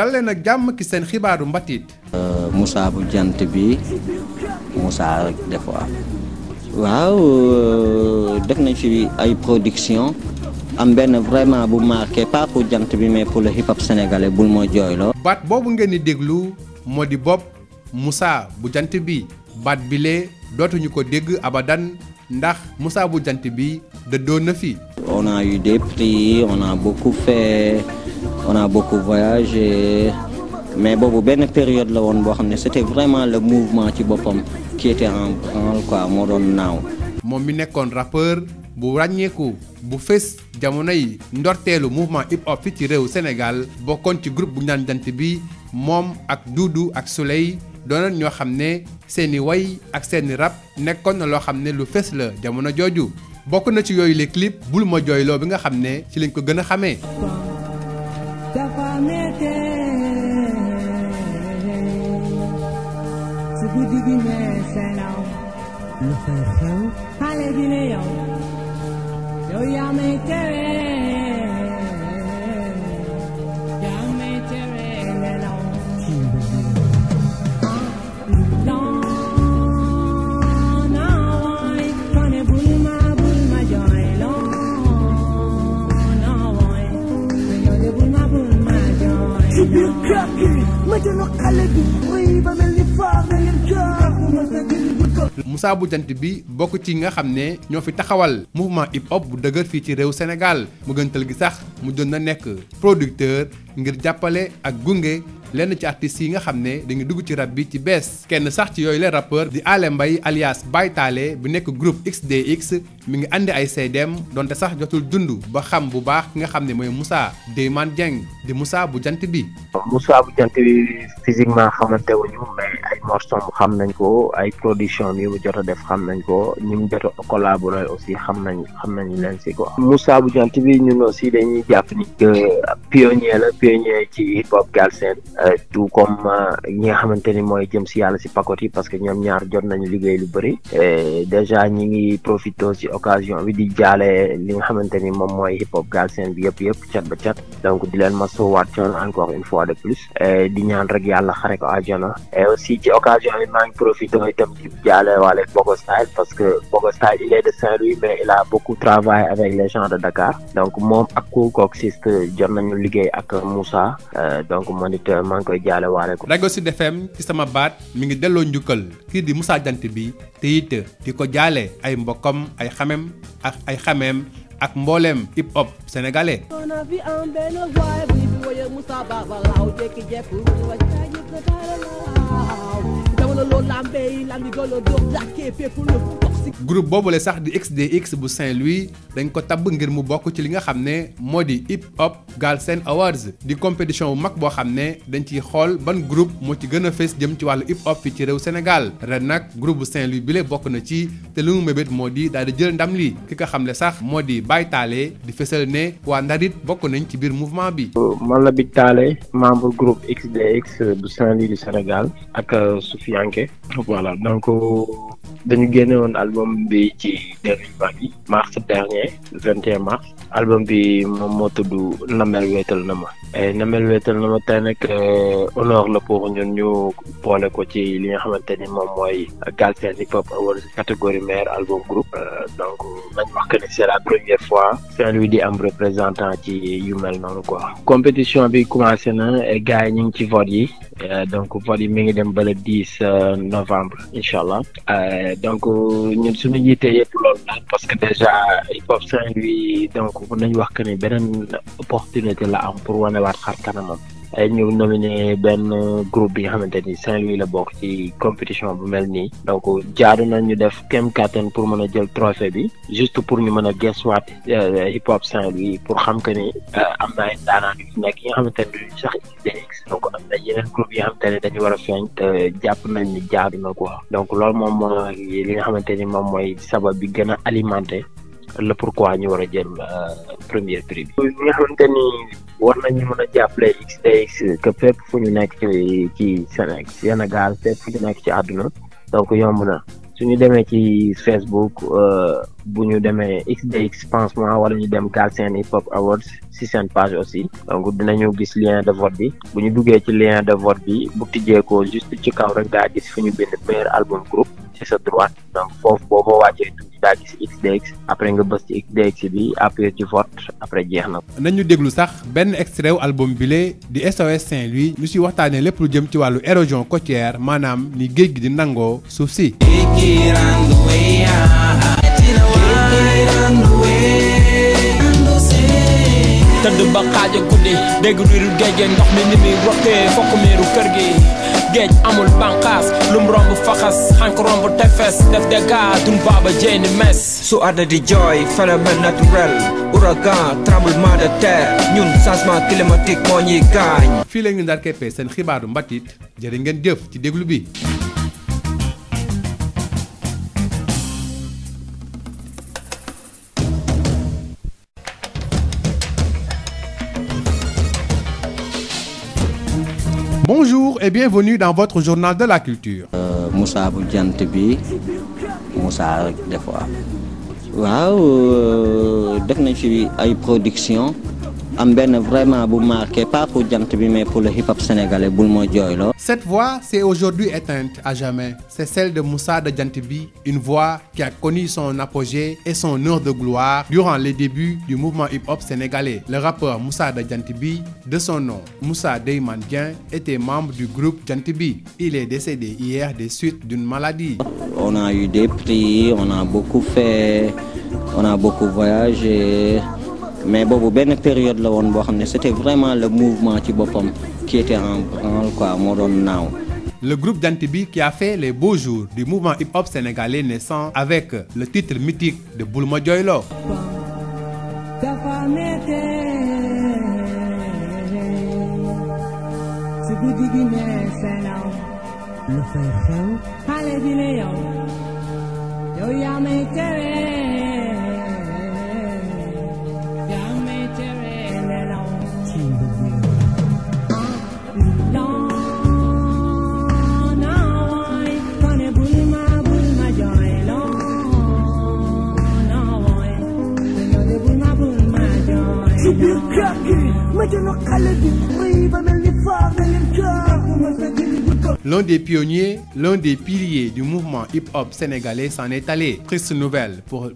dal leen ak jàmm ki seen xibaaru mbatiit euh, musaa bu jant bi Moussa rek des waaw euh, def nañ fi ay production am benn vraiment bu marqué pas jant bi mais pour le hip hop sénégalais bul moo jooyloo baat boobu ngeen di déglu moo di bopp Moussa bu jant bi baat bile dootuñu ko dégg abadan ndax Moussa bu jant bi dëddoon na fi on a eu prix on a beaucoup fait on a beaucoup voyagé mais boobu benn période la woon boo xam ne c'était vraiment la mouvement ci boppam qui était en branle quoi moo doon naaw. moom mi nekkoon rappeur bu ràññeeku bu fës jamono yi ndorteelu mouvement hip hop ci réew Sénégal bokkoon ci groupe bu ñu naan jant bi moom ak Doudou ak Souley doonoon ñoo xam ne seeni way ak seeni rap nekkoon na loo xam ne lu fës la jamono jooju bokk na ci yooyu les clips bul ma jooyloo bi nga xam ne ci lañ ko gën a xamee. mete si guddi gi nee seenaw lu fay xew xale bi ne yow yow yaa may tewe bajanu bu jant bi bokk ci nga xam ne ñoo fi taxawal mouvement hip hop bu dëgër fii ci réew senegal mu gëntal gi sax mu doon na nekk producteur ngir jàppale ak gunge lenn ci artistes yi nga xam ne dañu dugg ci rap bi ci bees kenn sax ci yooyu la rappeur di Ale Mbaye alias taale bi nekk groupe XDX mu ngi indi ay seedeem donte sax jotul dund ba xam bu baax ki nga xam ne mooy Moussa Deyman Dieng di musa bu jant bi. Moussa bu jant bi physiquement xamante wuñu mais morsom xam nañ ko ay production bi mu jot a def xam nañ ko ñi mu jot a collaborer aussi xam nañ xam nañ leen si quoi. Moussa bu jant bi ñun aussi dañuy jàpp ni que pionnier la pionnier ci hip hop galsen euh, tout comme euh, ñi nga xamante ni mooy jëm si yàlla si pakot yi parce que ñoom ñaar jot nañu liggéey lu bëri déjà ñi ngi profité si occasion bi di jaale li nga xamante ni moom mooy hip hop galsen bi yëpp yëpp cat ba cat donc di leen ma soowaat coon encore une fois de plus di ñaan rek yàlla xare ko àjjana aussi ci occasion bi maa ngi profité itam di jaale waale Bogos Taj parce que Bogos Taj il de Saint-Louis mais il a beaucoup avec les gens de Dakar donc moom ak Cool Coxiste jot nañu liggéey ak Moussa euh, donc man it maa ngi koy jaale waale ko. rajo Sud FM ci sama baat mi ngi delloo njukkal kii di Moussa Diant bi te di ko jaale ay mbokkam ay xamem ak ay xameem ak mbooleem hip hop sénégalais. 我的罗兰贝，让你个人都打给别不能。groupe boobule sax di XDX bu Saint-Louis dañ ko tabb ngir mu bokk ci li nga xam ne moo di hip gal Galsen Awards di compétition bu mag boo xam ne dañ ciy xool ban group moo ci gën a fës jëm ci wàllu hip hop fii ci réew Sénégal ren nag groupe bu Saint-Louis bile bokk na ci te li mu mébét moo di daal di jël ndam li ki ko xam ne sax moo di Baye taale di fësal ne waa Ndarit bokk nañ ci biir mouvement bi. Euh, man la bit Taalé membre groupe XDX euh, bu Saint-Louis du Sénégal ak euh, Soufianke voilà donc. dañu génne woon album bi ci dernier vague bi mars dernier 21 mars album bi moom moo tuddu Namel wéetal na ma Namel wéetal na nag euh, honneur la pour ñun ñu boole ko ci li nga xamante ni moom mooy Galsen Hip Hop Awards catégorie meilleur album groupe euh, donc nañ wax que ni c'est la première fois Saint-Louis di am représentant ci yu mel noonu quoi compétition bi commencé na gars yi ñu ngi ci vote yi euh, donc vote yi mi ngi dem ba le 10 novembre incha allah Euh, donc ñun suñu yitte yëpp loolu la parce que déjà hip hop Saint-Louis donc mun nañu wax que ni beneen opportunité la am pour wanewaat xar kanamam. Eh, ñu nominé benn groupe bi nga xamante ni Saint-Louis la bokk ci compétition bu mel nii donc jaaru na ñu def kem kàttan pour mën a jël trophée bi juste pour ñu mën a gëstuwaat eh, hip hop Saint-Louis pour xam que ni eh, am na ay daanaan yu nekk yi nga xamante ni duñu sax XDX donc am na yeneen groupe yi nga dañu war a feeñ te jàpp nañ ni jaaru na quoi donc loolu moom mooy li nga xamante ni moom mooy sabab bi gën a alimenté le pourquoi ñu war a jël premier prix bi. ñi war nañu mën a jàppale XTX que fépp fu ñu nekk ci ci Sénégal fépp fu ñu nekk ci àdduna donc yomb na su ñu demee ci Facebook euh, bu ñu demee XDX pansement wala ñu dem seen Hip Hop Awards si seen page aussi donc dinañu gis lien de vote bi bu ñu duggee ci lien de vote bi bu tijjee ko juste ci kaw rek daa gis fu ñu bind meilleur album groupe ci sa droite donc foofu boo fa wàccee daa après nga bës ci xdx bi appuyer ci vote après jeex na. nañu déglu sax benn extrait wu album bile di SOS Saint-Louis ñu si waxtaanee lépp lu jëm ci wàllu érosion côtière maanaam ni géej gi di nangoo suuf si. tëdd ba xaaja guddi dégg riiru géej ndox mi ni muy rokkee fokk miiru kër gi. géej amul bànqaas lum romb faxas xànk romb tefes def de gaa dun baaba jeeni mes su àdda di jooy phénomène naturel ouragan tremblement de terre ñun changement climatique moo ñuy gaañ fii la ñu ndar seen xibaaru mbatit jërë ngeen jëf ci déglu bi Bonjour et bienvenue dans votre journal de la culture. Euh, Moussa bu jant bi Moussa rek des waaw euh, def nañ fi ay production en benn vraiment bu marqué pas pour jant bi mais pour le hip-hop sénégalais bul ma jooyloo. Cette voix s'est aujourd'hui éteinte à jamais. C'est celle de Moussa de une voix qui a connu son apogée et son heure de gloire durant les débuts du mouvement hip-hop sénégalais. Le rappeur Moussa de Djantibi, de son nom Moussa Deyman Dieng, était membre du groupe Djantibi. Il est décédé hier des suites d'une maladie. On a eu des prix, on a beaucoup fait, on a beaucoup voyagé. mais boobu benn période la woon boo xam ne c'était vraiment le mouvement ci boppam qui était en branle quoi moo doon naaw. Le groupe d'Antibi qui a fait les beaux jours du mouvement hip-hop sénégalais naissant avec le titre mythique de Boulma Dioylo. lu fay xew. xale bi ne yow yow yaa may teewee. L'un des pionniers, l'un des piliers du mouvement hip-hop sénégalais s'en est allé. Triste nouvelle, pour,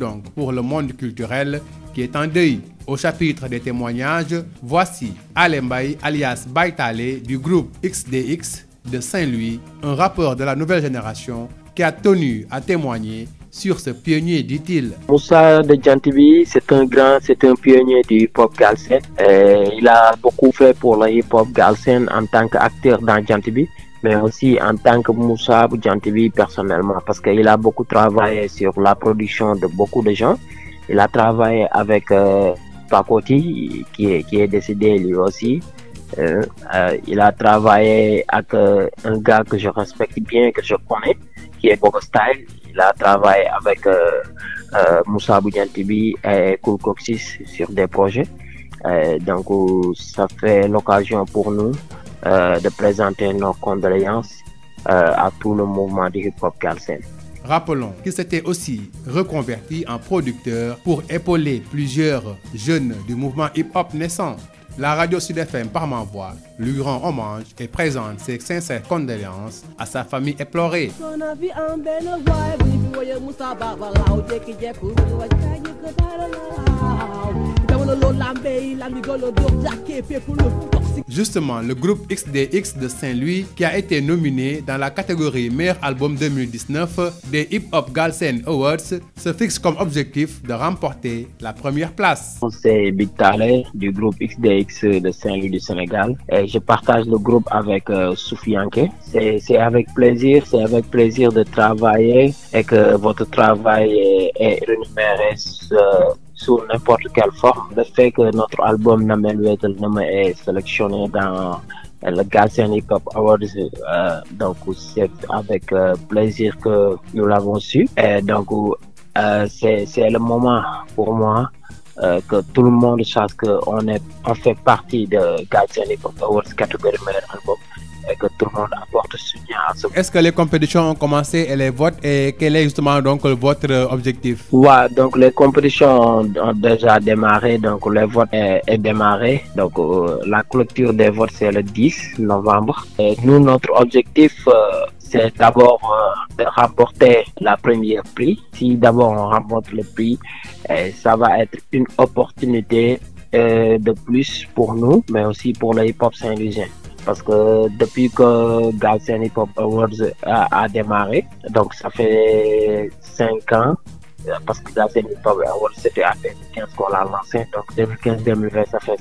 donc pour le monde culturel qui est en deuil. Au chapitre des témoignages, voici Alembay alias Baitale du groupe XDX de Saint-Louis, un rappeur de la nouvelle génération qui a tenu à témoigner sur ce pionnier, dit-il. Moussa de Djantibi, c'est un grand, c'est un pionnier du hip-hop galsen. Euh, il a beaucoup fait pour le hip-hop galsen en tant qu'acteur dans Djantibi mais aussi en tant que Moussa Djantibi personnellement, parce qu'il a beaucoup travaillé sur la production de beaucoup de gens. Il a travaillé avec euh, Pakoti, qui est, qui est décédé lui aussi. Euh, euh, un gars que je respecte bien, que je connais, qui est Bogo Style. il a travaillé avec euh, euh, Moussa Boudjantibi et Kourkoxis sur des projets. Euh, donc, ça fait l'occasion pour nous de présenter nos condoléances à tout le mouvement du hip-hop Kalsen. Rappelons qu'il s'était aussi reconverti en producteur pour épauler plusieurs jeunes du mouvement hip-hop naissant. La radio Sud FM par ma voix lui rend hommage et présente ses sincères condoléances à sa famille éplorée. Justement, le groupe XDX de Saint-Louis, qui a été nominé dans la catégorie Meilleur album des Hip Hop Galsen Awards, se fixe comme objectif de remporter la première place. C'est Big Tale du groupe XDX de Saint-Louis du Sénégal et je partage le groupe avec euh, Soufianke. C'est avec plaisir, c'est avec plaisir de travailler et que votre travail est, est rémunéré. Euh, sous n'importe quelle forme. Le fait que notre album Namel Wetel Nama est sélectionné dans euh, le Galsen Hip Awards, euh, donc c'est avec euh, plaisir que nous l'avons su. Et donc euh, c'est le moment pour moi euh, que tout le monde sache qu'on on fait partie de Galsen Hip Awards catégorie meilleur est-ce que les compétitions ont commencé et les votes et quel est justement donc votre euh, objectif Ouais, donc les compétitions ont déjà démarré, donc le vote est, est démarré. Donc euh, la clôture des votes c'est le 10 novembre. Et notre objectif... Euh, c'est d'abord euh, de remporter la première prix. Si d'abord on remporte le prix, eh, ça va être une opportunité euh, de plus pour nous, mais aussi pour le hip-hop saint parce que depuis que Galsen Hip Hop Awards a, démarré donc ça fait cinq ans parce que Galsen Hip Hop Awards c'était en 2015 qu'on l'a lancé donc 2015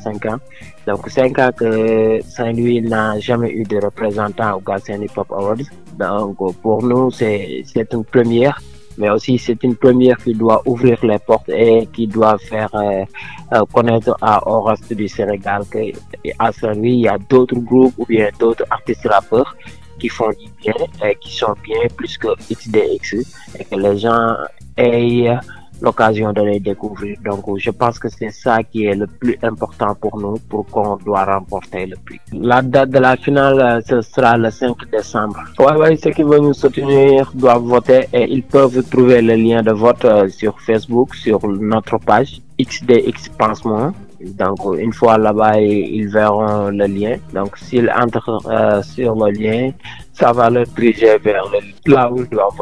cinq ans que Saint-Louis n'a jamais eu de représentant au Galsen Hip Hop Awards donc pour nous c'est une première mais aussi c'est une première qui doit ouvrir les portes et qui doit faire euh, euh, connaître à, au du Sénégal qu'à il y a d'autres groupes ou bien d'autres artistes rappeurs qui font du bien et qui sont bien plus que XDX et que les gens aient l'occasion de les découvrir. Donc, je pense que c'est ça qui est le plus important pour nous, pour qu'on doit remporter le prix. La date de la finale, euh, ce sera le décembre. Ouais, ouais, qui veulent nous soutenir doivent voter et ils peuvent trouver le lien de vote euh, sur Facebook, sur notre page XDX Pansement. Donc, une fois là-bas, ils verront le lien. Donc, s'ils entrent euh, sur le lien, ça va diriger vers le, là où ils doivent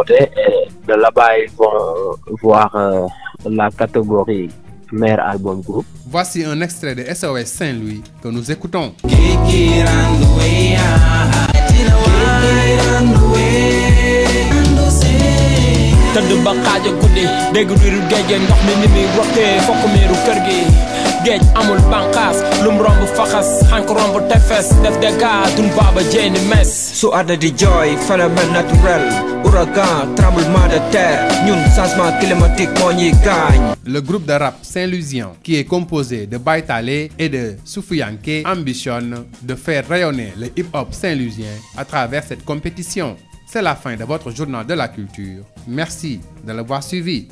voir euh, la catégorie meilleur album groupe. Voici un extrait de SOS Saint-Louis que nous écoutons. tëdd ba xaaja guddi dégg riiru géej ndox mi ni muy waxtee fokk miiru kër gi géej climatique moo ñuy gaañ le groupe de rap saint-louisien qui est composé de Baytalé et de Soufianké ambitionne de faire rayonner le hip-hop saint-louisien à travers cette compétition c'est la fin de votre journal de la culture merci de l'avoir suivi